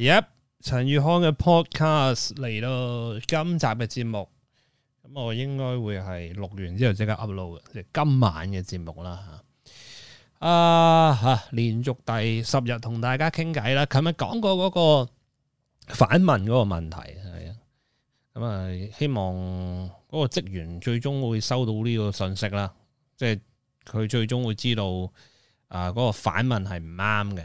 Yep，陳宇康嘅 podcast 嚟到今集嘅節目，咁我應該會係錄完之後即刻 upload 嘅，即係今晚嘅節目啦吓。啊吓、啊，連續第十日同大家傾偈啦，琴日講過嗰個反問嗰個問題係啊，咁啊、嗯、希望嗰個職員最終會收到呢個信息啦，即係佢最終會知道啊嗰、嗰個反問係唔啱嘅。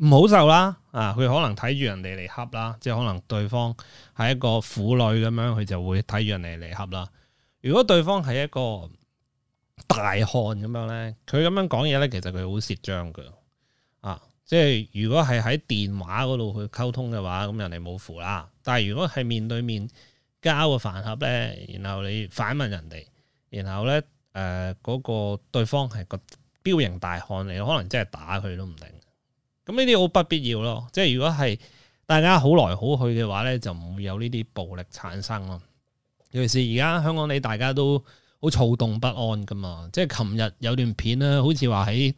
唔好受啦，啊，佢可能睇住人哋嚟恰啦，即係可能對方係一個婦女咁樣，佢就會睇住人哋嚟恰啦。如果對方係一個大漢咁樣咧，佢咁樣講嘢咧，其實佢好蝕章嘅，啊，即係如果係喺電話嗰度去溝通嘅話，咁人哋冇符啦。但係如果係面對面交個飯盒咧，然後你反問人哋，然後咧，誒、呃、嗰、那個對方係個彪形大漢嚟，可能真係打佢都唔定。咁呢啲好不必要咯，即係如果係大家好來好去嘅話咧，就唔會有呢啲暴力產生咯。尤其是而家香港你大家都好躁動不安噶嘛，即係琴日有段片咧，好似話喺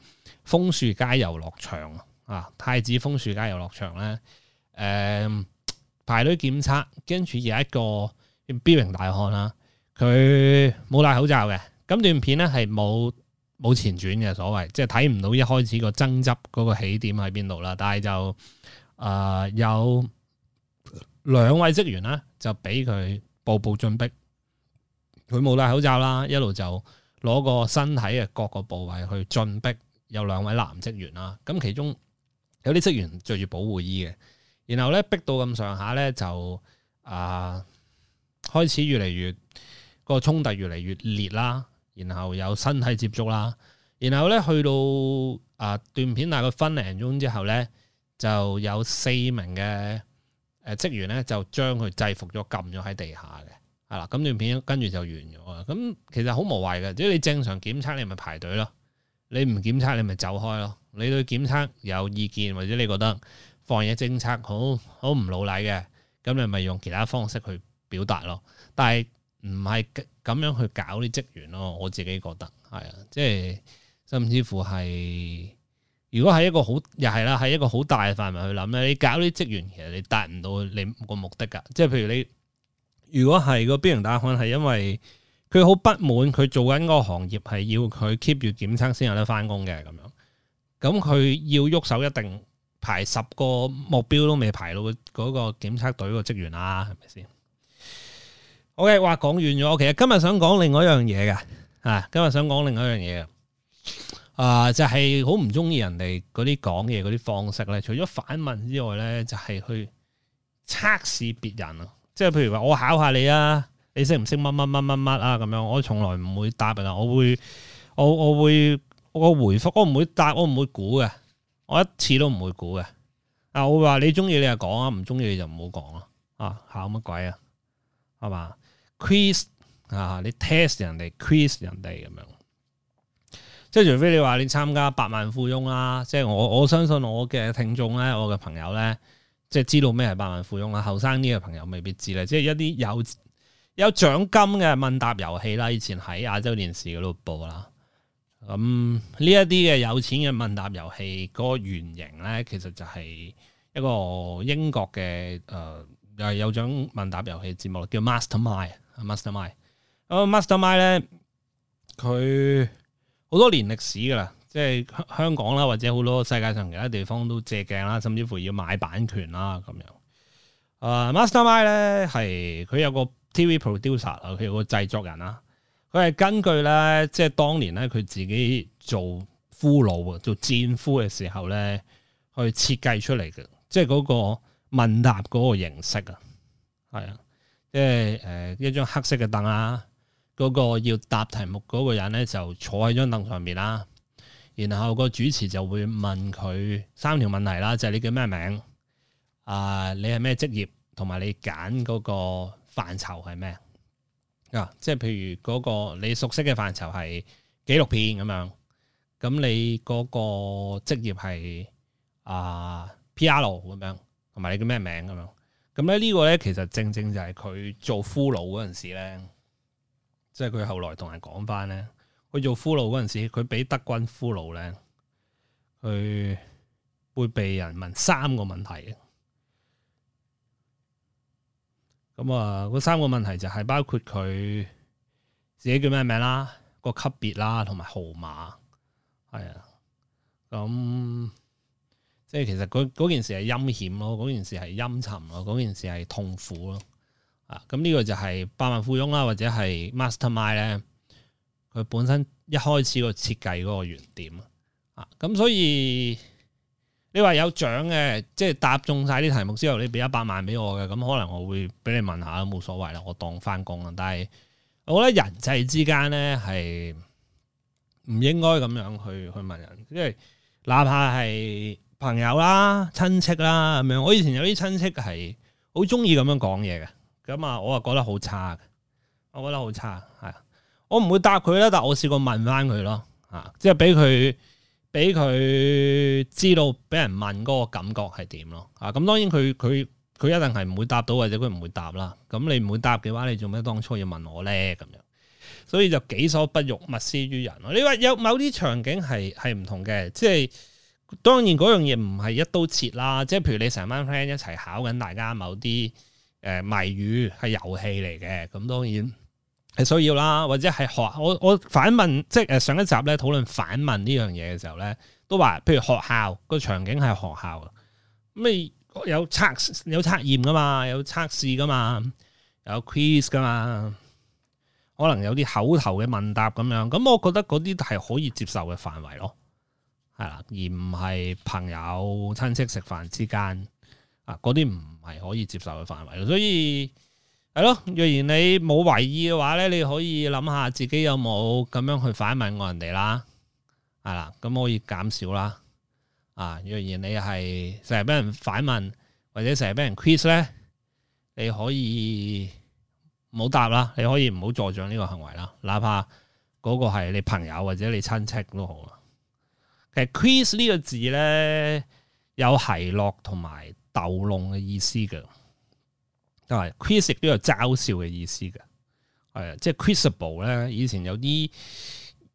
楓樹街遊樂場啊，太子楓樹街遊樂場咧，誒、呃、排隊檢測，跟住有一個彪形大漢啦，佢冇戴口罩嘅，咁段片咧係冇。冇前傳嘅所謂，即係睇唔到一開始個爭執嗰個起點喺邊度啦。但係就誒、呃、有兩位職員啦，就俾佢步步進逼。佢冇戴口罩啦，一路就攞個身體嘅各個部位去進逼。有兩位男職員啦，咁其中有啲職員着住保護衣嘅。然後咧逼到咁上下咧，就啊、呃、開始越嚟越、嗰個衝突越嚟越烈啦。然後有身體接觸啦，然後咧去到啊段片大概分零鐘之後咧，就有四名嘅誒、呃、職員咧就將佢制服咗，撳咗喺地下嘅，係、嗯、啦，咁段片跟住就完咗啊。咁、嗯、其實好無謂嘅，即係你正常檢測你咪排隊咯，你唔檢測你咪走開咯，你對檢測有意見或者你覺得防疫政策好好唔老禮嘅，咁你咪用其他方式去表達咯，但係，唔係咁樣去搞啲職員咯，我自己覺得係啊，即係甚至乎係，如果係一個好又係啦，係一個好大嘅範圍去諗咧，你搞啲職員其實你達唔到你個目的㗎。即係譬如你，如果係個邊型打漢係因為佢好不滿佢做緊嗰個行業係要佢 keep 住檢測先有得返工嘅咁樣，咁佢要喐手一定排十個目標都未排到嗰個檢測隊個職員啦，係咪先？好嘅，話講、okay，完咗，我其實今日想講另外一樣嘢嘅。啊，今日想講另外一樣嘢啊，就係好唔中意人哋嗰啲講嘢嗰啲方式咧，除咗反問之外咧，就係、是、去測試別人、就是、啊，即係譬如話我考下你啊，你識唔識乜乜乜乜乜啊咁樣，我從來唔會答啊，我會，我我會，我回覆，我唔會答，我唔會估嘅，我一次都唔會估嘅，啊，我話你中意你就講啊，唔中意你就唔好講啦，啊，考乜鬼啊，係嘛？quiz 啊，你 test 人哋 quiz 人哋咁樣，即係除非你話你參加百萬富翁啦，即係我我相信我嘅聽眾咧，我嘅朋友咧，即係知道咩係百萬富翁啦，後生啲嘅朋友未必知咧，即係一啲有有獎金嘅問答遊戲啦，以前喺亞洲電視嗰度播啦，咁呢一啲嘅有錢嘅問答遊戲個原型咧，其實就係一個英國嘅誒又係有獎問答遊戲節目叫 Mastermind。Mastermind，咁 Mastermind 咧，佢好多年歷史噶啦，即係香港啦，或者好多世界上其他地方都借鏡啦，甚至乎要買版權啦咁樣。啊，Mastermind 咧係佢有個 TV producer 啊，佢有個製作人啦。佢係根據咧，即係當年咧佢自己做俘虜、做戰俘嘅時候咧，去設計出嚟嘅，即係嗰個問答嗰個形式啊，係啊。即係誒一張黑色嘅凳啦，嗰、那個要答題目嗰個人咧就坐喺張凳上面啦，然後個主持就會問佢三條問題啦，就係、是、你叫咩名啊？你係咩職業同埋你揀嗰個範疇係咩啊？即係譬如嗰個你熟悉嘅範疇係紀錄片咁樣，咁你嗰個職業係啊 P.R. 咁樣，同埋你叫咩名咁樣？咁咧呢個咧，其實正正就係佢做俘虜嗰陣時咧，即係佢後來同人講翻咧，佢做俘虜嗰陣時，佢俾德軍俘虜咧，佢會被人問三個問題。咁、嗯、啊，嗰三個問題就係包括佢自己叫咩名啦，個級別啦，同埋號碼。係、哎、啊，咁、嗯。即係其實嗰件事係陰險咯，嗰件事係陰沉咯，嗰件事係痛苦咯。啊，咁、嗯、呢、呢個就係百萬富翁啦，或者係 Mastermind 咧，佢本身一開始個設計嗰個原點啊。咁、嗯、所以你話有獎嘅，即係答中晒啲題目之後，你俾一百萬俾我嘅，咁、嗯、可能我會俾你問下都冇所謂啦，我當翻工啦。但係我覺得人際之間咧係唔應該咁樣去去問人，因為哪怕係。朋友啦、親戚啦咁樣，我以前有啲親戚係好鍾意咁樣講嘢嘅，咁啊我啊覺得好差，我覺得好差，係我唔會答佢啦，但我試過問翻佢咯，啊，即係俾佢俾佢知道俾人問嗰個感覺係點咯，啊，咁當然佢佢佢一定係唔會答到或者佢唔會答啦，咁你唔會答嘅話，你做咩當初要問我咧咁樣？所以就己所不欲，勿施於人咯。你話有某啲場景係係唔同嘅，即係。當然嗰樣嘢唔係一刀切啦，即係譬如你成班 friend 一齊考緊，大家某啲誒、呃、謎語係遊戲嚟嘅，咁當然係需要啦。或者係學我我反問，即係誒上一集咧討論反問呢樣嘢嘅時候咧，都話譬如學校、個場景係學校啊，咩有測有測驗噶嘛，有測試噶嘛，有 quiz 噶嘛，可能有啲口頭嘅問答咁樣，咁我覺得嗰啲係可以接受嘅範圍咯。係啦，而唔係朋友、親戚食飯之間啊，嗰啲唔係可以接受嘅範圍咯。所以係咯，若然你冇懷疑嘅話咧，你可以諗下自己有冇咁樣去反問過人哋啦。係啦，咁可以減少啦。啊，若然你係成日俾人反問，或者成日俾人 quiz 咧，你可以唔好答啦，你可以唔好助長呢個行為啦。哪怕嗰個係你朋友或者你親戚都好。其實 quiz 呢個字咧，有奚落同埋逗弄嘅意思嘅，同埋 quiz 亦都有嘲笑嘅意思嘅，係、嗯、啊，即係 quizzable 咧，以前有啲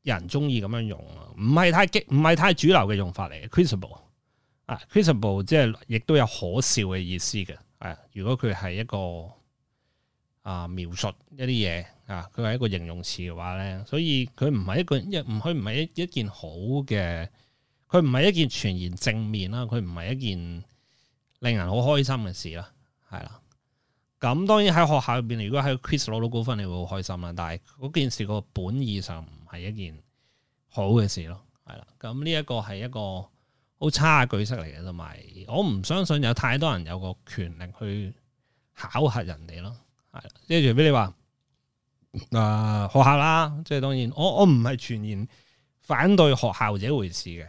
人中意咁樣用，唔係太激，唔係太主流嘅用法嚟嘅 quizzable 啊、嗯、quizzable 即係亦都有可笑嘅意思嘅，係、嗯、啊，如果佢係一個啊，描述一啲嘢啊，佢係一個形容詞嘅話咧，所以佢唔係一個一唔可以唔係一一件好嘅。佢唔係一件全然正面啦，佢唔係一件令人好開心嘅事啦，係啦。咁當然喺學校入邊，如果喺 Quiz 攞到高分，你會好開心啦。但係嗰件事個本意上唔係一件好嘅事咯，係啦。咁、這、呢、個、一個係一個好差嘅句式嚟嘅，同埋我唔相信有太多人有個權力去考核人哋咯，係、呃。即係除非你話，誒，學校啦，即係當然，我我唔係全然反對學校呢一回事嘅。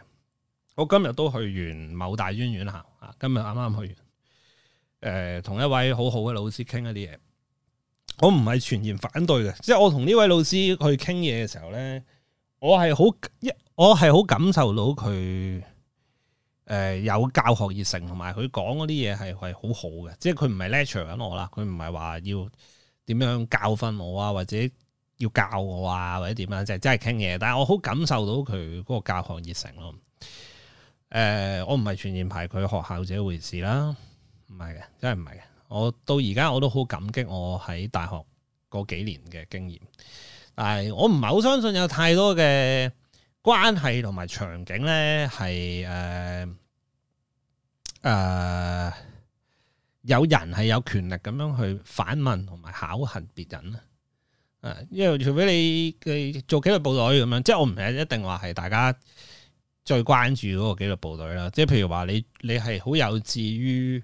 我今日都去完某大專院校，啊，今日啱啱去完，誒、呃，同一位好好嘅老師傾一啲嘢。我唔係全然反對嘅，即係我同呢位老師去傾嘢嘅時候咧，我係好一，我係好感受到佢，誒、呃，有教學熱誠同埋佢講嗰啲嘢係係好好嘅，即係佢唔係 lecture 緊我啦，佢唔係話要點樣教訓我啊，或者要教我啊，或者點樣，即係真係傾嘢。但係我好感受到佢嗰個教學熱誠咯。誒、呃，我唔係全然排佢學校呢回事啦，唔係嘅，真係唔係嘅。我到而家我都好感激我喺大學嗰幾年嘅經驗，但係我唔係好相信有太多嘅關係同埋場景咧係誒誒，有人係有權力咁樣去反問同埋考核別人啦。誒、呃，因為除非你嘅做紀律部隊咁樣，即係我唔係一定話係大家。最關注嗰個紀律部隊啦，即係譬如話你你係好有志於誒、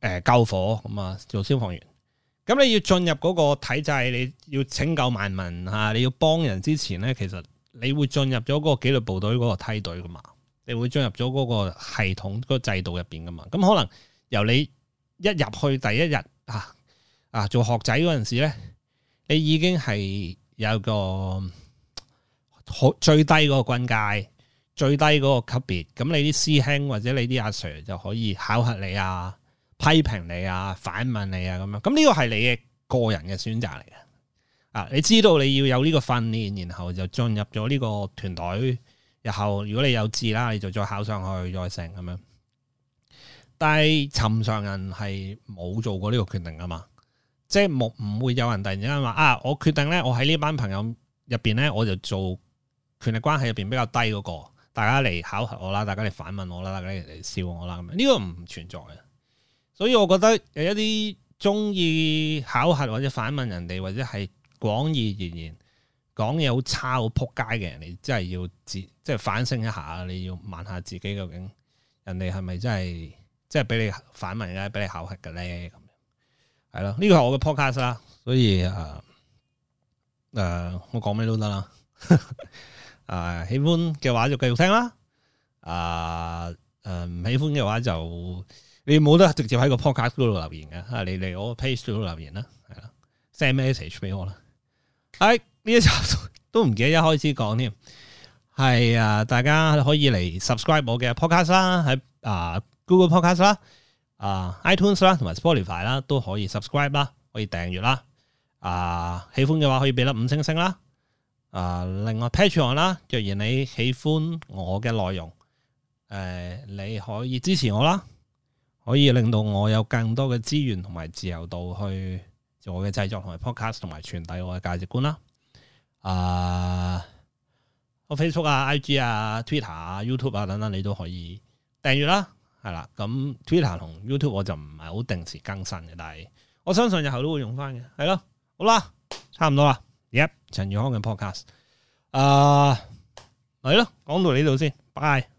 呃、救火咁啊，做消防員。咁你要進入嗰個體制，你要拯救萬民嚇，你要幫人之前咧，其實你會進入咗嗰個紀律部隊嗰個梯隊噶嘛，你會進入咗嗰個系統，嗰、嗰個制度入邊噶嘛。咁可能由你一入去第一日啊啊，做學仔嗰陣時咧，你已經係有個好最低嗰個軍階。最低嗰個級別，咁你啲師兄或者你啲阿 Sir 就可以考核你啊、批評你啊、反問你啊咁樣。咁呢個係你嘅個人嘅選擇嚟嘅。啊，你知道你要有呢個訓練，然後就進入咗呢個團隊，然後如果你有志啦，你就再考上去再成咁樣。但係尋常人係冇做過呢個決定啊嘛，即係冇唔會有人突然間話啊，我決定咧，我喺呢班朋友入邊咧，我就做權力關係入邊比較低嗰個。大家嚟考核我啦，大家嚟反問我啦，大家嚟笑我啦，咁樣呢個唔存在啊！所以我覺得有一啲中意考核或者反問人哋，或者係廣義言言講嘢好差、好仆街嘅人，你真係要自即係反省一下，你要問下自己究竟人哋係咪真係即係俾你反問，或者俾你考核嘅咧？咁樣係咯，呢個係我嘅 podcast 啦，所以誒誒、呃呃，我講咩都得啦。 啊，喜歡嘅話就繼續聽啦。啊，誒、嗯，唔喜歡嘅話就你冇得直接喺個 podcast 嗰度留言嘅，你嚟嚟我 page 度留言啦，係啦，send message 俾我啦。哎，呢一集都唔記得一開始講添。係啊，大家可以嚟 subscribe 我嘅 podcast 啦，喺啊 Google podcast 啦，啊 iTunes 啦，同埋 Spotify 啦，都可以 subscribe 啦，可以訂閱啦。啊，喜歡嘅話可以俾粒五星星啦。啊、呃，另外 Patreon 啦，若然你喜歡我嘅內容，誒、呃，你可以支持我啦，可以令到我有更多嘅資源同埋自由度去做我嘅製作同埋 podcast 同埋傳遞我嘅價值觀啦。啊、呃，我 Facebook 啊、IG 啊、Twitter 啊、YouTube 啊等等，你都可以訂閱啦。係啦，咁 Twitter 同 YouTube 我就唔係好定時更新嘅，但係我相信日後都會用翻嘅。係咯，好啦，差唔多啦。Yep，陳宇康嘅 podcast，誒，嚟咯，講到呢度先，Bye。